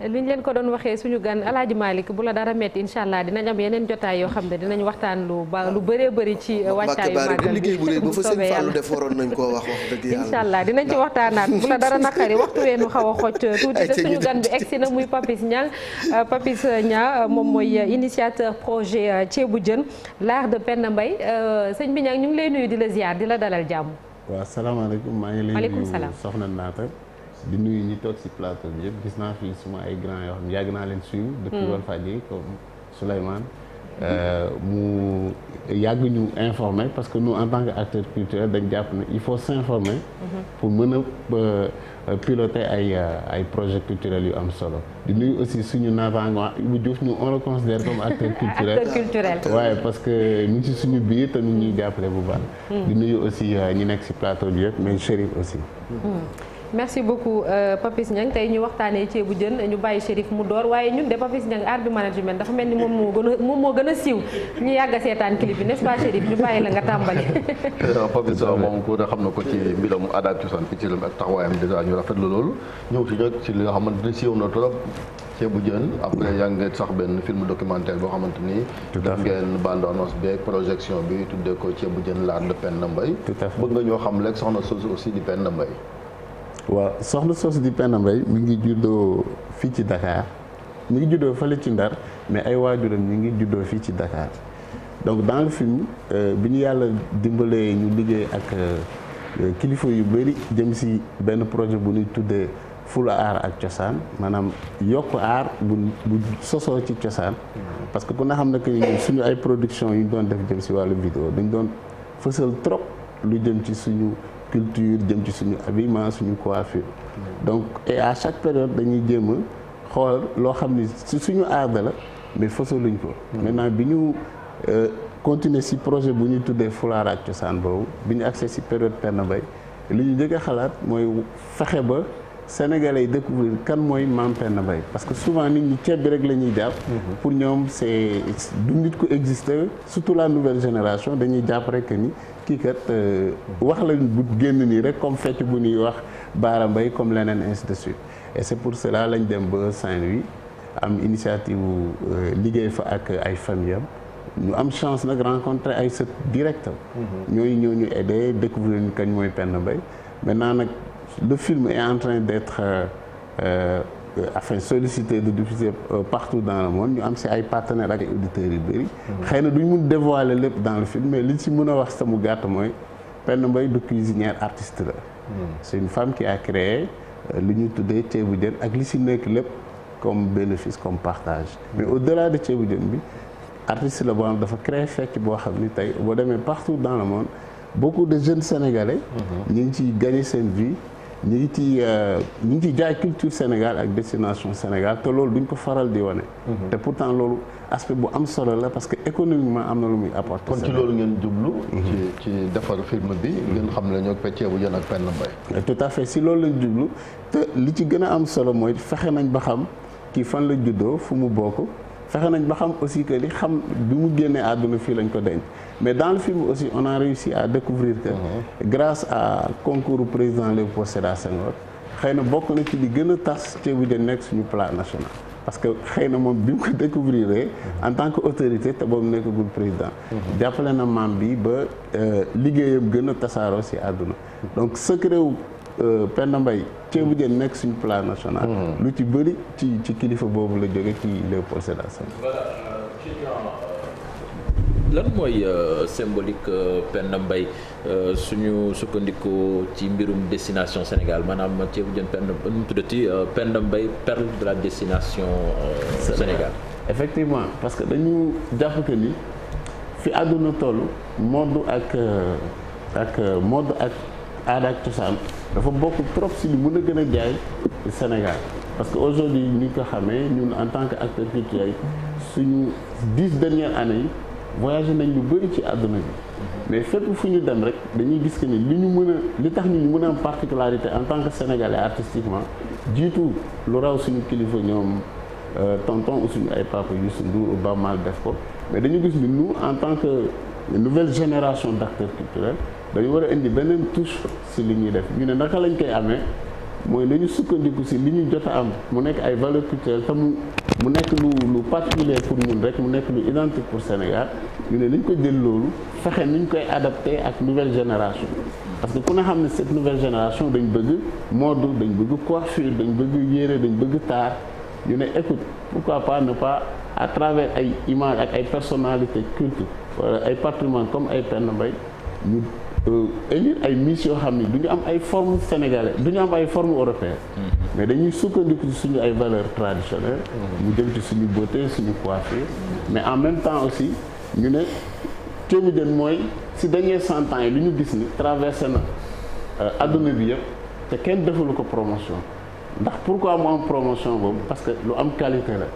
li ñu leen ko doon waxee suñu gan alaaji Malick bu la dara metti incha allah dinañ am yeneen jotaay yoo xam ne dinañ waxtaan lu ba lu bëree bëri ci uh, wàccaayu màggal liggéey bu rëy ba fa sëñ Fallou def waroon nañ koo wax wax yàlla dinañ ci waxtaanaat bu la dara naqari waxtu weenu xaw a xoj tuuti te suñu gan bi egsi na muy Papis Niang uh, Papis ñaa uh, moom mooy initiateur projet ceebu jën l'art de Penda Mbaye sëñ bi Niang ñu ngi lay nuyu di la ziar di la dalal jàmm waaw salaamaaleykum maa ngi lay nuyu soxna naata di nuyu ñi toog si plateau bi yëpp gis naa fi suma ay grand yoo xam yàgg naa leen suivre. Hmm. depuis Walfadjri comme Souleymane. Euh, mu yàgg ñu informer parce que nous en tant que acteur culturel dañ jàpp ne il faut s'informer hmm. pour mën a euh, piloter ay euh, ay projets culturels yu am solo di nuyu aussi suñu naataango Ibou Diouf ñu on le considère comme acteur culturel waaye parce que ñu ci suñu biir te ñu ñuy jàppale bu baax hmm. di nuyu aussi ñu nekk ci plateau bi yëpp mais Chérif aussi merci beaucoup euh, Papis Niang tey ñu waxtaanee ceebu jën ñu bàyyi Chérif mu door waaye ñun de Papis Niang art bi management dafa mel ni moom moo gën a moom a siiw ñu yàgg a seetaan clip bi n'est-ce pas Chérif ñu bàyyi la nga tàmbali. Eh, Papis moom ku ne xam na ko ci mbiram aada ak cosaan ci la ak taxawaayam dèjà ñu rafet rafetlu loolu ñëw si nag ci li nga xamante ne siiw na trop. ceebu jën après yaa ngi sax benn film documentaire boo xamante ni def ngeen bande annonce beeg projection bi tuddee ko ceebu jën l'art de Penda Mbaye bëgg nga ñoo xam lekk soxna soosu aussi di Penda Mbaye waaw soxla soos di Penda Mbaye mi ngi juddoo fii ci dakaar mu ngi juddoo fale ci Ndar mais ay waajuram mi ngi juddoo fii ci dakaar donc dans le film euh, bi ñu yàlla dimbalee ñu liggéey ak euh, kilifa yu bëri jëm si benn projet bu ñuy tuddee fula aar ak cosaan maanaam yokk aar bu bu sosoo ci cosaan parce que ku na xam ne que suñu ay production yu ñu doon def jëm si wàllu vidéo dañ doon fësal trop lu jëm ci suñu culture jëm ci suñu habillement suñu coiffure donc te à chaque période dañuy jéem xool loo xam ni si suñu aada la mais luñ ko maintenant bi ñu euh, continuer si projet bu ñuy tuddee Fulaar ak cosaan boobu bi ñu accès si période Penda Mbaye li ñu njëkk xalaat mooy fexe ba Sénégalais yi découvrir kan mooy Mame Penda mbay parce que souvent nit ñi ceeb bi rek la ñuy jàpp. Mhm. pour ñoom c' est du nit ku exister surtout la nouvelle génération dañuy jàpp rek ni kii kat euh, wax la bu génn nii rek comme fecc bu ñuy wax Baara Mbaye comme leneen ainsi de suite et c' est pour cela lañu dem ba Saint-Louis am initiative euh, liggéey fa ak ay famille am ñu am chance nag rencontrer ay sët direct. Mhm. ñooñu ñoo ñu aidé découvrir kañ mooy Penda mbay maintenant nag. le film est en train d'être euh, afin euh, sollicité de diffuser euh, partout dans le monde ñu am si ay partenaires ak ay auditeurs yu bëri. xëy na duñ mun dévoiler lépp dans le film mais liñ si mën a wax samu gàtt mooy Penda Mbaye du cuisinière artiste la. Hmm. c'est une femme qui a créé euh, li ñu tuddee ceebu jën ak li si nekk lépp comme bénéfice comme partage. mais au-delà de ceebu jën bi artiste la bon xam dafa créé fekk boo xam ni tey boo demee partout dans le monde beaucoup de jeunes sénégalais. Hmm. ñu ngi ciy gagner seen vie. ñu ngi ci euh, ñu ngi ci jaay culture Sénégal ak destination Sénégal te loolu duñ ko faral di wane. Mhm. te pourtant loolu aspect bu am solo la parce que économiquement am na lu muy apporté. kon ci loolu ngeen jublu. Mhm. ci ci defar film bi. Mhm. ngeen xam ne ñoo bu jën ak Penda Mbaye. Euh, tout à fait si loolu lañ jublu te li ci gën a am solo mooy fexe nañ ba xam kii fan la juddoo fu mu bokk. fexe nañ ba xam aussi que li xam bi mu génnee àdduna fii lañ ko denc mais dans le film aussi on a réussi à découvrir que uh-huh. grace à concours président Léopold Sédar Senghor xëy na bokk na ci li gën a tas ceebu jën nekk suñu plat national parce que xëy na moom bi mu ko découvrir en tant que autorité te boobu nekkagul président uh-huh. jàppale na maam bi ba euh, liggéeyam gën a tasaaroo si àdduna donc secret Euh, Penda Mbaye ceebu jën nekk suñu plat national. Mm-hmm. lu ci bëri ci ci kilifa boobu la jóge ci Léopold Sédar euh, lan mooy euh, symbolique Penda Mbaye suñu sukkandiku ci mbirum destination Sénégal maanaam ceebu jën Penda nu mu tuddati Penda Mbaye de la destination Sénégal. effectivement parce que dañu jàpp ni fi àdduna toll mode ak ak mode ak. aada ak cosaan dafa bokk trop si li mën a gën a jaay Sénégal parce que aujourd'hui ni ko xamee ñun en tant que acteur culturel suñu dix dernières années yi voyagé nañ lu bëri ci àdduna bi mais fépp fu ñu dem rek dañuy gis que ni li ñu mën a li tax ñu mën a am particularité en tant que sénégalais artistiquement jiitu lu raw suñu kilifa ñoom euh, tonton ou suñu ay papa Youssou Ndour Bamal def ko mais dañu gis ni nous en tant que nouvelle génération d' acteurs dañu war a indi beneen touche si li ñuy def ñu ne naka lañ koy amee mooy nañu sukkandiku si li ñu jot a am mu nekk ay valeurs culturelles te mu mu nekk lu lu particulier pour ñun rek mu nekk lu identique pour Sénégal ñu ne nañ ko jël loolu fexe niñ koy adapté ak nouvelle génération parce que ku ne xam ne cette nouvelle génération dañ bëgg mode dañ bëgg coiffure dañ bëgg yére dañ bëgg taar ñu ne écoute pourquoi pas ne pas à travers ay image ak ay personnalité culte wala ay patrimoine comme ay Penda Mbaye élire euh, ay miss yoo xam ni du ñu am ay forme sénégalais du ñu am ay forme européenne mm-hmm. mais dañuy sukkandiku ci suñu ay valeurs traditionnelles mm-hmm. mu jëm ci suñu beauté suñu coiffure mais en même temps aussi ñu ne téemi den mooy si dernier cent ans yi lu ñu gis ni traversé na euh, adduna bi yëpp te kenn defalu ko promotion ndax pourquoi mu am promotion boobu parce que lu am qualité la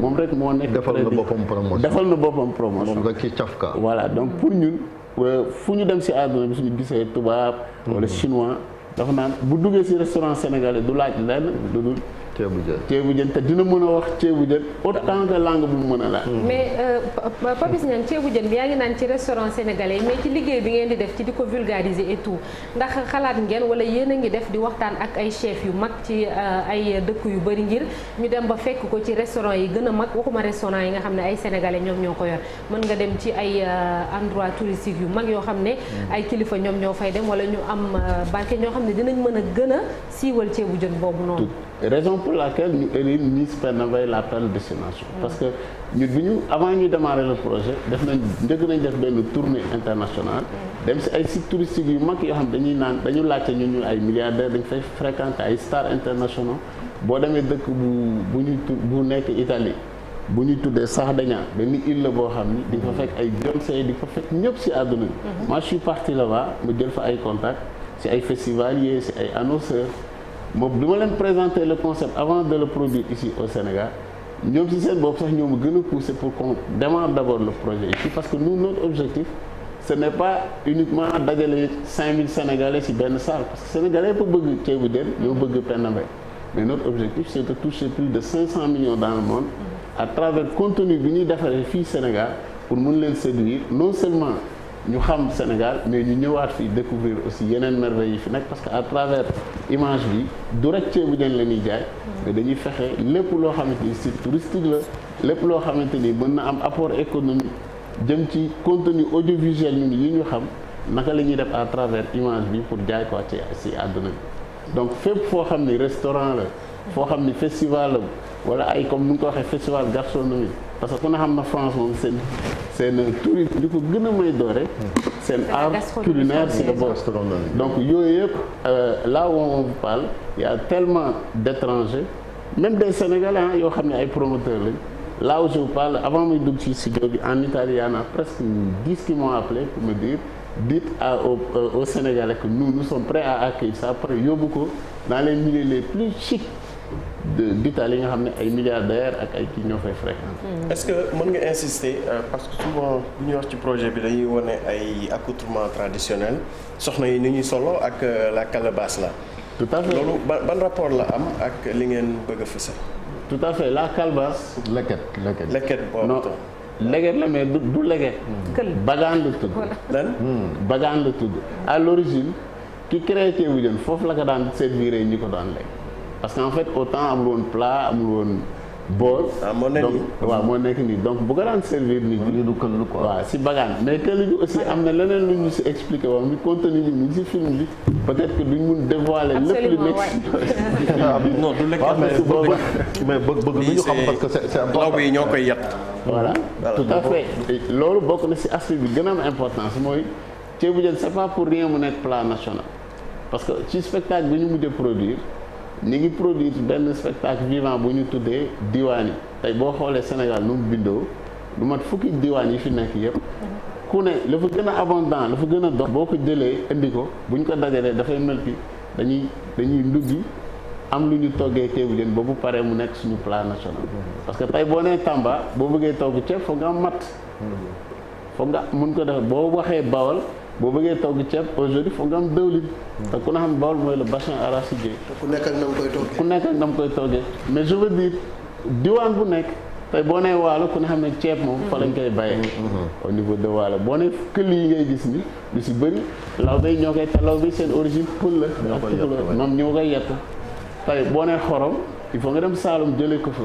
moom rek moo nekk defal na boppam promotion defal na boppam promotion moom donc pour fu ñu dem si àdduna bi suñu gisee tubaab. wala chinois dafa naan bu duggee si restaurant sénégalais du laaj lenn du dul. ceebu jën ceebu jën te dina mën a wax ceebu jën autant que langue bu mën a laal. Hmm. mais euh, Papis Niang ceebu jën bi yaa ngi naan ci restaurant sénégalais mais ci liggéey bi ngeen di def ci di ko vulgariser et ndax xalaat ngeen wala yéen a ngi def di waxtaan ak ay chef yu mag ci euh, ay dëkk yu bëri ngir ñu dem ba fekk ko ci restaurant yi gën a mag waxuma restaurant yi nga xam ne ay sénégalais ñoom ñoo ko yor mën nga dem ci ay euh, endroit touristique yu mag yoo xam ne hmm. ay kilifa ñoom ñoo fay dem wala ñu am barke ñoo xam ne dinañ mën a gën a siiwal ceebu jën boobu noonu raison pour laquelle ñu élire Miss Penda Mbaye la première destination parce que ñun bu ñu avant ñu démarrer le projet def nañ njëkk nañ def benn tournée internationale dem si ay sites touristiques yu mag yoo xam dañuy naan dañu laajte ñun ñu ay milliardaires dañ fay fréquenter ay stars internationaux boo demee dëkk bu bu ñu bu nekk Italie bu ñu tuddee Sardaigne benn île la boo xam ni di fa fekk ay Beyoncé di fa fekk ñëpp si àdduna bi mhm. moi je suis parti mu jël fa ay contacts si ay festivaliers si ay annonceurs boobu du ma leen présenter le concept avant de le produire ici au Sénégal ñoom si seen boobu sax ñoo ma gën a poussé pour qu'on démarre d'abord le projet ici parce que nous notre objectif ce n'est pas uniquement dajale 5000 sénégalais ci benn salle parce que sénégalais yëpp bëgg ceebu jën ñoo bëgg Penda Mbaye mais notre objectif c'est de toucher plus de 500 millions dans le monde à travers contenu bi ñuy defaree fii Sénégal pour mun leen séduire non seulement ñu xam Sénégal mais ñu ñëwaat fii découvrir aussi yeneen merveille yi fi nekk parce que à travers image bi du rek ceebu jën la ñuy jaay mais dañuy fexe lépp loo xamante ni site touristique la lépp loo xamante ni mën na am apport économie jëm ci contenu audiovisuel ñun yi ñu xam naka la ñuy def à travers image bi pour jaay ko ci si àdduna bi donc fépp foo xam ni restaurant la foo xam ni festival la wala ay comme nu nga ko waxee festival gastronomique parce que ku xam na France moom seen seen tourisme li ko gën a may doore seen art culinaire si la bokk donc yooyu yëpp euh, là où on parle y a tellement d'étrangers même des Sénégalais yoo xam ne ay promoteurs la la où je vous parle avant muy dugg ci studio bi en Italie y en a presque dix qui m'ont appelé pour dire dites à au euh, au Sénégalais que nous nous sommes prêts à accueillir ça après yóbbu ko dans les milieux les plus chics d'État yi nga xam ne ay milliardaires ak ay kii ñoo fay fréquenté. Hmm. est-ce que mën nga insister euh, parce que souvent bu ñuy wax ci projet bi dañuy wane ay accoutrement traditionnel soxna yi ni ñuy solo ak euh, la calebasse la. tout à fait ban rapport la am ak li ngeen bëgg tout à la calebasse. leket leket leket boobu léguet la mais du du léguet bagaan la tudd lan hmm. bagaan la tudd à l'origine ki créé ceebu jën foofu la ko daan servir ñi ko daan lekk parce que en fait autant amul woon plat amul woon bool. Ah, donc waaw moo nekk nii donc bu ko daan servir nit ñi. du si bagaan mais këll bi aussi am na leneen lu ñu si expliqué woon bi contenu bi mu ngi si film bi peut-être que duñ mun dévoiler lépp lu nekk si. Ah, non du lekk mais bëgg yi ñoo koy yàq. voilà tout à fait loolu bokk na si aspect bi gën am importance mooy ceebu jën c'est pas pour rien mu nekk plat national parce que ci spectacle bi ñu mujj a produire. ñi ngi produire benn spectacle vivant bu ñu tuddee diwaan yi tey boo xoolee Sénégal nu mu bindoo lu mat fukki diwaan yi fi nekk yëpp ku ne la fa gën a abondant la fa gën a dox boo ko jëlee indi ko bu ñu ko dajalee dafay mel ni dañuy dañuy nduggi am lu ñu toggee ceebu jën ba paree mu nekk suñu plat national parce que tey boo nee Tamba boo bëggee togg ceeb foog nga am matt hmm. foog nga mun ko def boo waxee Bawol boo bëggee togg ceeb aujourd'hui foog nga am dëwlin te ku ne xam Bawol mooy le bassin arachidier ku nekk ak koy toggee ku nekk ak na mu koy toggee mais je veux dire diwaan bu nekk tey boo nee waalo ku ne xam ne ceeb moom fa lañ koy bayee mm-hmm. au niveau de waalo boo nee këll yi ngay gis ni lu si bëri law bay ñoo koy te law bay seen origine pël la ak tukulóor moom ñoo koy yett tey boo nee xorom il faut nga dem Saalum jëlee ko fa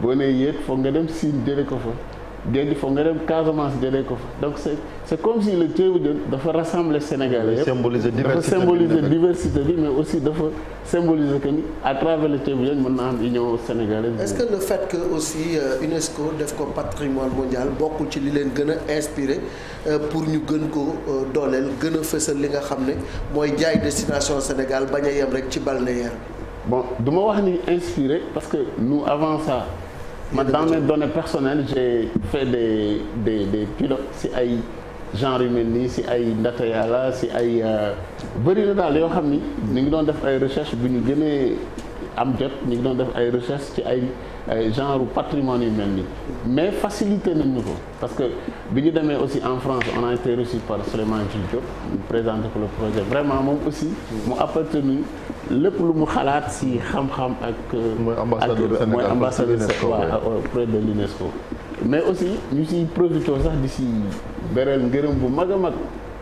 boo nee yéet foog nga dem Siin jëlee ko fa géej fo nga dem Casamance jëlee ko fa donc c'est c'est comme si le ceebu jën dafa rassembler Sénégalais yëpp dafa symboliser diversité bi mais aussi dafa symboliser que ni à travers le ceebu jën mën na am union sénégalaise. est-ce que fait que aussi euh, UNESCO def ko patrimoine mondial bokkul ci li leen gën a inspiré euh, pour ñu gën ko euh, dooleel gën a fësal li nga xam ne mooy jaay destination Sénégal bañ a yem rek ci balnéaire bi. bon wax ni inspiré que nous avant ça. Moi, dans mes données personnelles j'ai fait de des des pilotes si ay genre yu mel nii si ay ndata yàlla si ay euh, bëri na daal yoo xam ni ñu ngi doon def ay recherche bu ñu gënee am jot ñu ngi doon def ay recherche ci ay genre patrimoine yu mel nii mais facilité nañu ko parce que bi ñu demee aussi en France on a été reçu par Souleymane Jules Diop présenté ko le projet vraiment moom aussi mu apporté ñu lépp lu mu xalaat si xam-xam ak. mooy ambassadeur Sénégal mooy ambassadeur auprès de l'UNESCO mais aussi ñu si profité sax di si bereel ngërëm bu mag a mag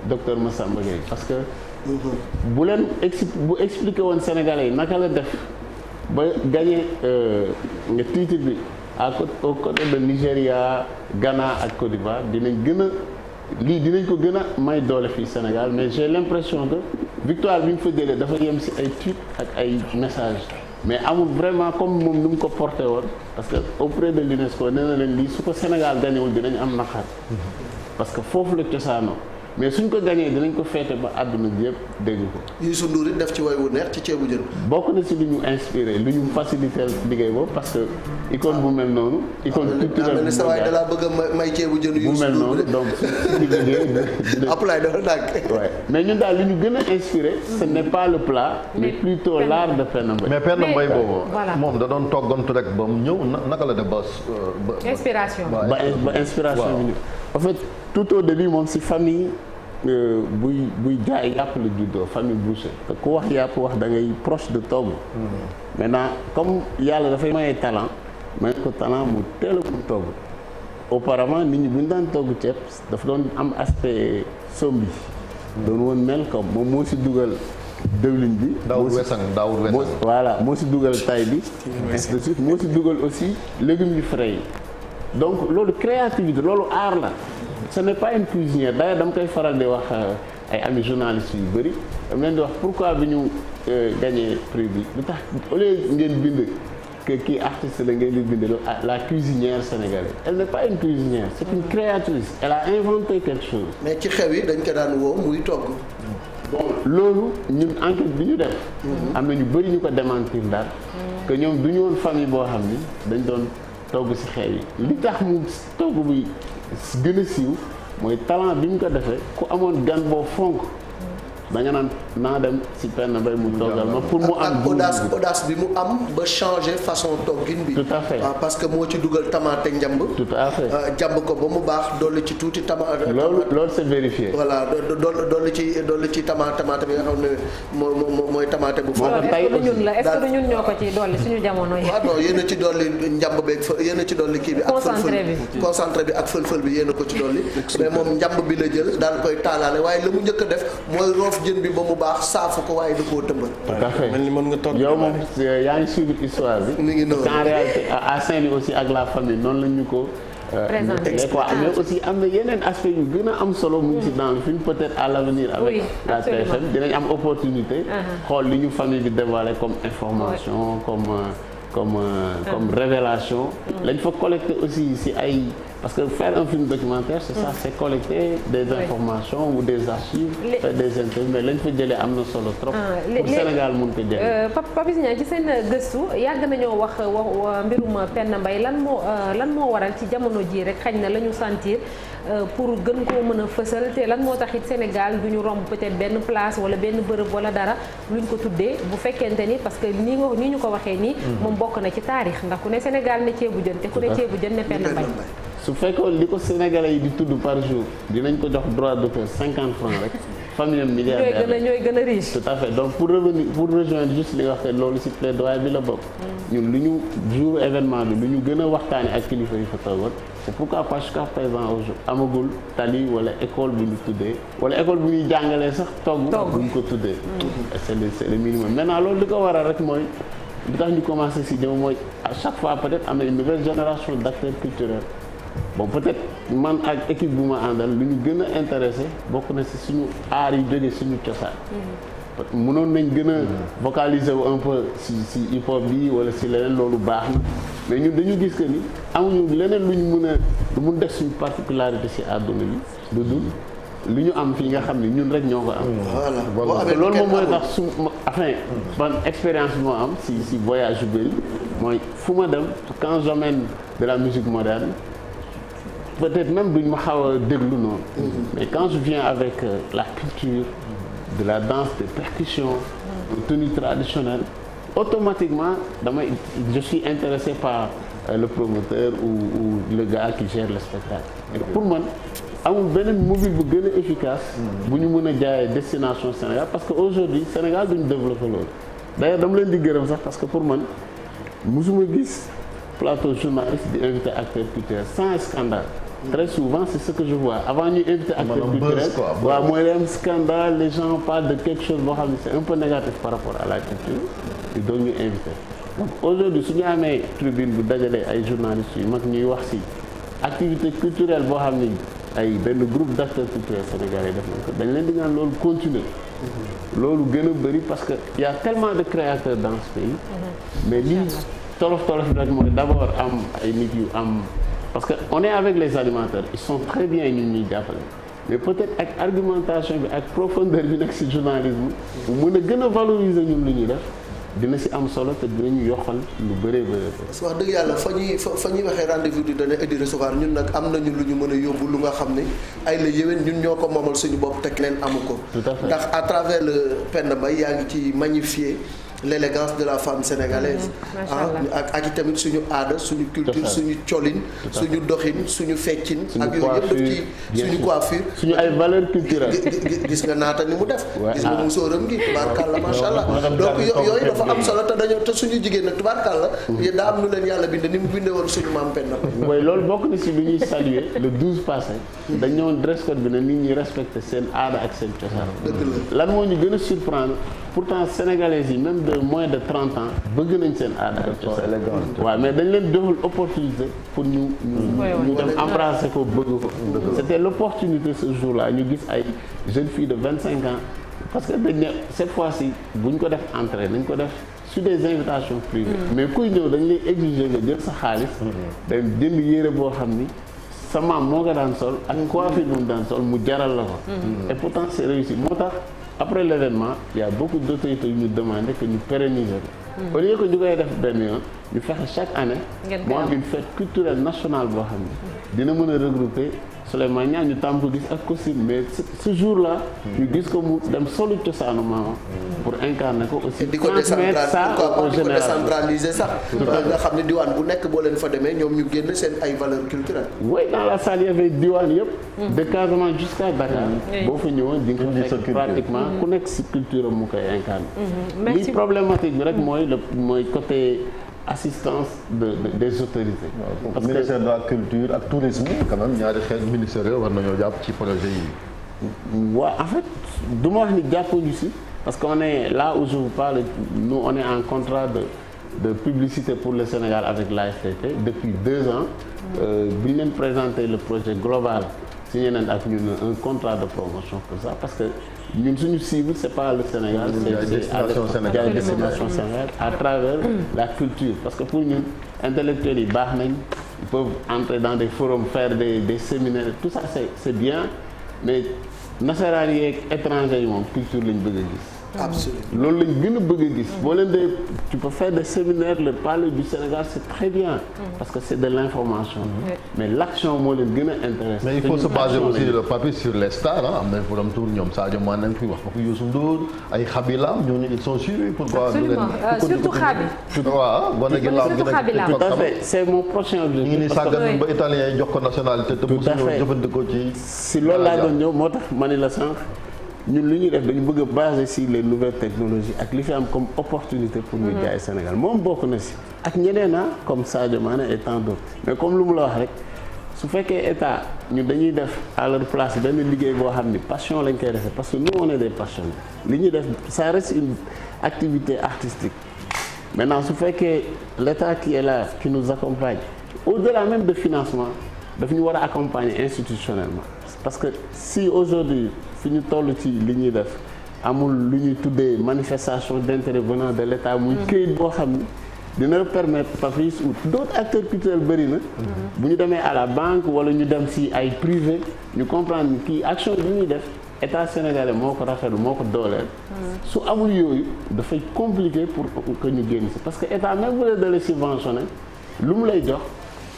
docteur Massamba Gueye parce que. bu leen ex bu expliqué woon Sénégalais yi naka la def ba gagné nga euh, titre bi à côté au de Nigéria Ghana ak Côte d'Ivoire dinañ gën a lii dinañ ko gën a may doole fii Sénégal mais j'ai l'impression que. victoire bi ñu fa jëlee dafa yem si ay tweet ak ay message mais amul vraiment comme moom ni mu ko porté woon parce que auprès de l'UNESCO nee na leen lii su ko Sénégal gañewul dinañ am naqar parce que foofu la cosaanoo mais suñ ko gañee dinañ ko feete ba àdduna bi yëpp dégg ko. Youssou Ndour it def ci way wu neex ci ceebu jën. bokk na si lu ñu inspiré lu ñu facilité liggéey boobu parce que. icône bu mel noonu. icône culturelle bu mel da laa bëgg a may ceebu jën. Youssou Ndour bu mel noonu donc suñu liggéey. Ablaye dafa dàgg. mais ñun daal li ñu gën a inspiré. ce mm-hmm. n'est pas le plat. mais plutôt l'art de Penda Mbaye. mais Penda Mbaye boobu. moom da doon toggantu rek ba mu ñëw naka la de euh, ba. inspiration ba inspiration bi en fait tout au début moom si famille. Euh, buy buy jaay yàpp la juddoo famille Boucher te ku wax yàpp wax da ngay proche de togg hmm. maintenant comme yàlla dafay maye talent may ko talent mu teel a ko togg auparavant nit ñi bu ñu daan togg ceeb dafa doon am aspect sombi hmm. doon woon mel comme moom moo si dugal dëwlin bi daawul wesan daawul voilà moo si dugal tay bi ainsi de suite moo si dugal aussi légumes yu frais yi donc loolu créativité loolu aar la ce n'est pas une cuisinière d'ailleurs dama koy faral di wax euh, ay amis journalistes yu bëri dama leen di wax pourquoi bi ñu euh, gagné prix bi lu tax au ngeen bind que kii artiste la ngeen di bind ah, la cuisinière sénégalaise elle n'est pas une cuisinière c'est une créatrice elle a inventé quelque chose. mais ci xew yi dañ ko daan woo muy togg. bon loolu ñun enquête bi ñu def. Mhm. am na ñu bëri ñu ko démentir daal. Mhm. que ñoom du ñu woon famille boo xam ni dañ doon togg si xew yi li tax mu togg buy. gën a siiw mooy talent bi ñu ko defee ku amoon gan boo fonk da naa dem si penn bay mu toggal ma pour mu am audace audace bi mu am ba changer façon toggin bi tout à ah, parce que moo ci dugal tamaate njamb tout à fait ah, jàmb ko ba mu baax dolli ci tuuti tamaate loolu loolu c'est vérifié voilà dool dolli ci dolli ci tamaate tamaate bi nga xam ne moo moo mooy tamaate bu fort bi est-ce que ñun la est-ce que ñun ñoo ko ci dolli suñu jamono yi waaw non a ci dolli njàmb beeg fël-fël bi concentré ko ci dolli mais moom njàmb bi la jël daal koy taalaale waaye la mu njëkk a def mooy roof def jën bi ba mu baax saafu ko waaye da koo tëmbal. tout à fait yow moom yaa ngi suivre histoire bi. mi ngi noonu en ak la famille noonu la ñu ko. Euh, présenté quoi mais aussi am na yeneen aspect a am solo mu ngi ci dans le film peut-être à l'avenir avec la TFM dinañ am opportunité. Uh-huh. xool li ñu famille bi dévoilé comme information comme euh, comme euh, comme uh-huh. révélation mm. lañ fa collecté aussi si ay. Parce que faire un film documentaire, c'est ça, c'est collecter des informations ou des archives, faire des interviews, mais fa jëlee am na solo trop. Ah, pour Sénégal mun ko jëlee. Euh, Pape ci seen gëstu yàgg nañoo wax wax mbirum Penda Mbaye lan moo euh, lan moo waral ci jamono jii rek xañ na la ñu sentir euh, pour gën koo mën a fësal te lan moo tax it Sénégal du ñu romb peut-être benn place wala benn bërëb wala dara luñ ko tuddee bu fekkente ni parce que ni nga ni ñu ko waxee nii. Mm-hmm. moom bok na ci taarix ndax ku ne Sénégal ne ceebu jën te ku ne ceebu jën su fekkoon li ko Sénégalais yi di tudd par jour dinañ ko jox droit d'auteur cinquante francs rek famille am milliardaire ñooy gën a ñooy tout à fait donc pour revenir pour rejoindre juste li wax loolu ci plaidoyer bi la bokk mm. ñun lu ñu jour événement bi lu ñu gën a waxtaane ak kilifa yi fa toogoon c'est parce pas jusqu'à présent aujourd'hui amagul tali wala école bu ñu tuddee wala école bu ñuy jàngalee sax togg bu ñu ko tuddee mm. c'est le c'est le minimum maintenant loolu li ko waral rek mooy li tax fois peut-être am na une bon peut-être man ak équipe bu ma àndal li ñu gën a intéressé bokk na si suñu aar yi jóge suñu cosaan. mënoon nañ gën a vocaliser wu un peu si si hip hop bi wala si leneen loolu baax na mais ñun dañu gis que ni amuñu leneen lu ñu mën a lu mun def suñu particularité si àdduna bi du dul lu ñu am fii nga xam ne ñun rek ñoo ko am. voilà loolu moom mooy tax su ma enfin man expérience moo am si si voyage yu bëri mooy fu ma dem quand j'emmène de la musique moderne. peut-être même ñu ma xaw déglu noonu. Mhm. mais quand je viens avec euh, la culture de la danse des percussions. de mhm. tenue automatiquement damay je suis intéressé par euh, le promoteur ou ou le gars ki gère le spectacle. pour man amul beneen mobile bu gën a efficace. bu ñu mën a jaayee destination Sénégal parce que aujourd'hui Sénégal duñ développé loolu. d'ailleurs dama leen di gërëm sax parce que pour man musuma gis plateau journaliste di invité acteur culturel sans scandale. très souvent c'est ce que je vois avant ñuy invité acteur culturel boo xam ne c'est un peu négatif par rapport à la culture te doon ñu invité aujourd'hui su ñu amee tribune bu dajalee ay journalistes yu mag ñuy wax ci activité culturelle boo xam ni ay benn groupe d'acteurs culturels sénégalais def nañ ko dañ leen di ñaan loolu continuer mhm. loolu gën a bëri parce que y a tellement de créateurs dans ce pays mhm. mais lii tolof tolof bi rek mooy d'abord am ay nit yu am parce que on est avec les animateurs ils sont très bien ñun ñuy jàppale mais peut-être ak argumentation bi ak profondeur bi nag ci journalisme bu mën a gën a valoriser ñun lu ñuy def dina ci am solo te dinañu yoxal lu bëree bëri. parce que wax dëgg yàlla fa ñuy fa ñuy waxee rendez-vous di donner et di ñun nag am nañu lu ñu mën a yóbbu lu nga xam ne ay la yéwén ñun ñoo ko moomal suñu bopp teg leen amu ko. tout à fait ndax à travers le Penda Mbaye yaa ngi ci magnifier. l'élégance de la femme sénégalaise mhm, ah, ak i tamit suñu aada suñu culture suñu colin suñu doxin suñu feccin ak yooyu yëpp daf ci suñu coiffure suñu ay valeur culturelle gis nga naata ni mu def gis nga ah. musóoram gi tubaarkàlla macha allah donc yooyu dafa am solo te dañoo te suñu jigéen nag tubaarkàlla mm-hmm. daa am lu leen yàlla bind ni mu bindee woon suñu maam penn mooy loolu bokk na si lu ñuy saluer le 12 passé mm-hmm. dañu ñëwoon dress code bi ne nit ñi respecté seen aada ak seen cosaan lan moo ñu a pourtant sénégalais yi même de moins de trente ans bëgg nañ seen aada ak cosaan mais dañ leen defal opportunité pour ñu ñu dem embrasser ko bëgg ko c'était l'opportunité ce jour-là ñu gis ay jeunes filles de vingt cinq ans parce que dañ ne cette fois-ci bu ñu ko def entrée dañ ko def su des invitations privées mm. mais kuy ñëw dañ lay exiger nga jël sa xaalis mm. dañ jënd yére boo xam ni sa maam moo ko daan sol ak coiffure bu mu daan sol mu jaral la ko mm. et pourtant après l' événement y' a yu ñu demandé que ñu pérenniser ko. au lieu que ñu koy def benn yoon. ñu fexe chaque année mu am une fête culturelle nationale boo xam ne dina mën a regrouper Souleymane Niang ñu tàmm ko gis ak costume mais ce jour là ñu gis ko mu dem solu cosaanu maamam pour incarner ko aussi di ko décentraliser sax nga xam ne diwaan bu nekk boo leen fa demee ñoom ñu génn seen ay valeurs culturelles oui dans la salle y avait diwaan yëpp mm. de Casamance jusqu'à Dakar boo fa ñëwoon di nga fa fekk pratiquement mm. ku nekk si culture mu koy incarner mm-hmm. li problématique bi rek mooy assistance de, des autorités. Ouais, parce ministère de la culture ak tourisme quand même ñaari xeet ministère yooyu war nañoo jàpp ci projet yi. waaw en fait du ma wax ni jàppuñu si parce que on est là où je vous parle nous on est en contrat de de publicité pour le Sénégal avec l'AFTT depuis deux ans. Euh, bu ñu leen présenter le projet global si nañ ak ñun un contrat de promotion pour ça parce que. ñun suñu cible c'est pas le Sénégal c'est à destination Sénégal à travers la culture parce que pour ñun intellectuels yi baax nañ ils peuvent entrer dans des forums faire des des séminaires tout ça c'est c'est bien mais nasaraan yeeg étrangers yi moom culture lañ bëgg a absolument loolu lañ gën bëgg gis boo leen dee tu peux faire des séminaires le palais du Sénégal c'est très bien mm. parce que c'est de l'information mais l'action moo leen gën a intéressé mais il faut se baser aussi le papi sur les stars ah am nañ borom tour ñoom Sadio Mané nañ fi wax foofu Youssou Ndour ay xabi laam ñooñu ils sont suivis pourquoi euh, surtout xabi waaw gone ni sàggan ba italien yi jox ko nationalité te si loolu laa doon ñëw moo tax ma ni la sànq ñun li ñu def dañu bëgg a basé si les nouvelles ak li fi am comme opportunité pour ñu mhm. jaay Sénégal moom bokk na si ak ñeneen ah comme Sadio Mané et tant d'autres mais comme lu mu la wax rek su fekkee état ñu dañuy def à leur place benn liggéey boo xam ni passion lañ koy defee parce que nous on est des passionnés li ñu def ça reste une activité artistique maintenant su fekkee l'état qui est là qui nous accompagne au-delà même de financement daf ñu war a accompagner institutionnellement parce que si aujourd'hui fi ñu toll ci li ñuy def amul lu ñuy tuddee manifestation d'intérêt venant de l'État muy mm-hmm. këyit boo xam ni dina permettre Papis ou d'autres acteurs culturels bëri na. Mm-hmm. bu ñu demee à la banque wala ñu dem si ay privé ñu comprendre ni kii action bi ñuy def état sénégalais moo ko rafetlu moo ko dooleel. Mm-hmm. su amul yooyu dafay compliqué pour que ñu génn si parce que état même bu dee da la lu mu lay jox.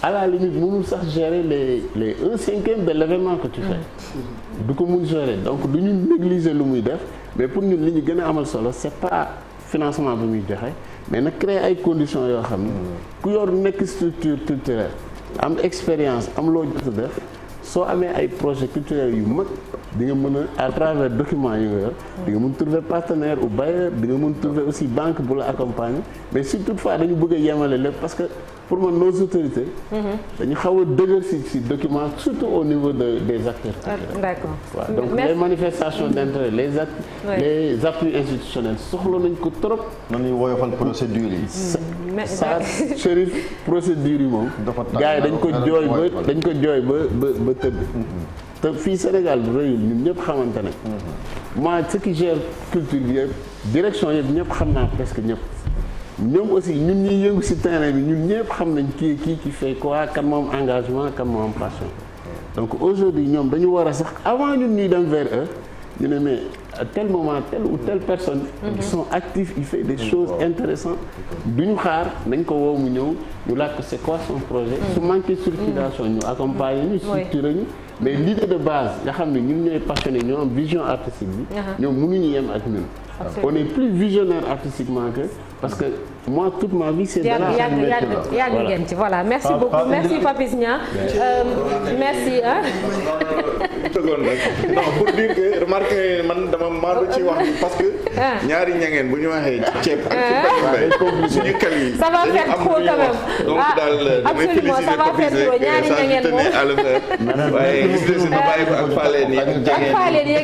à la limite mënul sax gérer les les un cinquième de l'événement que tu fais. du ko mun gérer donc du ñu négliger lu muy def mais pour ñu li ñu gën a amal solo c'est pas financement bi muy joxe mais nag créer ay conditions yoo xam ne ku yor nekk structure am expérience am loo jot def soo amee ay projet culturel yu mag di nga mën a à travers documents yi nga yor di nga mën trouver partenaire ou bailleur di nga mën trouver aussi banque bu la accompagner mais si toutefois bëgg a yemale lépp que pour man nos autorités. Mhm. dañu xaw a dëgër si document surtout au niveau de des acteurs culturels. Ah, d'accord waaw donc les manifestations mhm. d'intérêt les a les appuis institutionnels soxla nañ ko trop. nañu woyofal procédure yi. Mhm. sa chérif procédure yi moom. dafa gars yi dañ ko jooy ba dañ ko jooy ba ba ba tëdd. te fii Sénégal bu rëyul ñun ñëpp xamante ne. moi ce qui gère culture bi direction yëpp ñëpp xam naa presque ñëpp. ñoom aussi ñun ñuy yëngu ci terrain bi ñun ñëpp xam nañ kii kii qui fait quoi kan moom engagement kan moom passion donc aujourd'hui ñoom dañu war a sax avant ñun ñuy dem vers eux ñu ne mais à tel moment telle ou telle personne qui mhm. sont actifs il fait des mhm. choses intéressantes duñu xaar nañ ko woo mu ñëw ñu laaj ko c'est quoi son projet mhm. su manqué circulation ñu accompagner ñu structurer ñu mais l'idée de base nga xam ne ñun ñooy passionné ñoo am vision artistique bi uh-huh. ñoom mënuñu yem ak ñun on est moi toute ma vie c'est de la yàgg yàgg yàgg ngeen ci voilà merci beaucoup merci Papis Nia euh, merci hein tëggoon rek non pour dire que remarque nga man dama maandu ci wax parce que. Ah. ñaari ñangeen bu ñu waxee ceeb ak ci suñu kal yi. ça va faire trop quand même donc ah, daal damay féliciter copies rek ça je waaye gis si nga bàyyi ko ak Falen yi ak jegeen ak Falen yi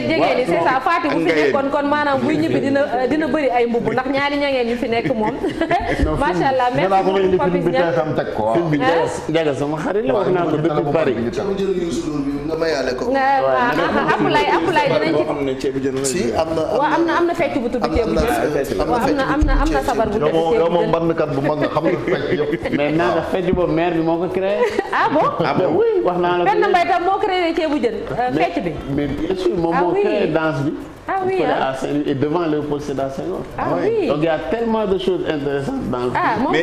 c'est ça Fatou bu fi nekkoon kon maanaam buy ñibbi dina dina bëri ay mbubb ndax ñaari ñangeen ñu fi nekk moom macha allah merci beaucoup bi tey xam teg ko waaw. sama xarit la wax naa ko depuis Paris. Akulay Akulay dinañ ci si am na am na am na fecc bu tudd ceebu jën am na am na sabar bu tudd ceebu jën moom mbandkat bu mag nga xam nga fecc yëpp mais naa nga fecc bi moo ko créé ah bon ah wax naa la benn mbay tam moo créé ceebu jën euh, fecc bi mais bien ah moo créé danse bi ah oui ah, ah, ah tellement de choses intéressantes dans le ah moom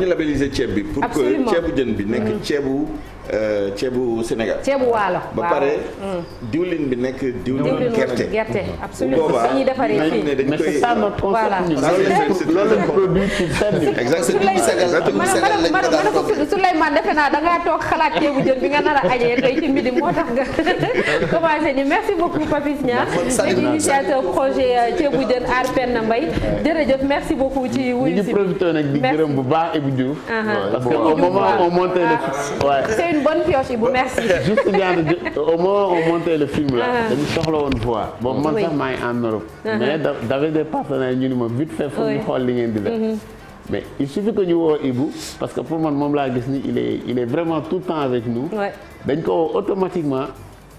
ñu labelliser ceeb bi pour que ceebu jën bi nekk mm-hmm. ceebu. Euh, ceebu Sénégal. ceebu waalo ba pare. Mm. diwlin bi nekk diwlin gerte. gerte mm. absolument bu ñu defaree fii mais c'est ça notre concept. loolu la produit pour servir. exactement Souleymane defe naa da ngaa bi nga nar a añee tey ci midi moo tax nga commencé ñu merci beaucoup Papis Niang nekk initiateur projet euh, ceebu jën aar Penda Mbaye jërëjëf merci beaucoup ci wuyu si. ñu ngi profité nag di gërëm bu baax Ibou Diouf. Uh-huh. parce que au moment on montait le une bonne pioche Ibou merci. juste jaajëf au moment où on montait le film là. Ah. dañu soxla woon voix. bon man sax maa ngi en Europe. Ah. mais dafay des partenaires ñu ni ma vite fait. foog ñu xool li ngeen di mhm. mais il suffit que ñu woo Ibou parce que pour man moom laa gis ni il est il tout le temps avec nous. dañ ko automatiquement.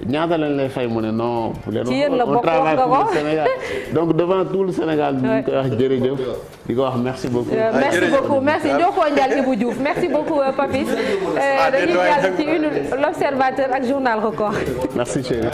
ñaata lañ lay fay mu ne non. ci yéen la bokk wax nga ko donc devant tout le Sénégal. ñu ngi koy wax jërëjëf. di ko wax merci beaucoup. Euh, ah, merci beaucoup merci euh, beaucoup Papis. Euh, ah, dañuy jàll ci une l' ak journal record. merci chérie.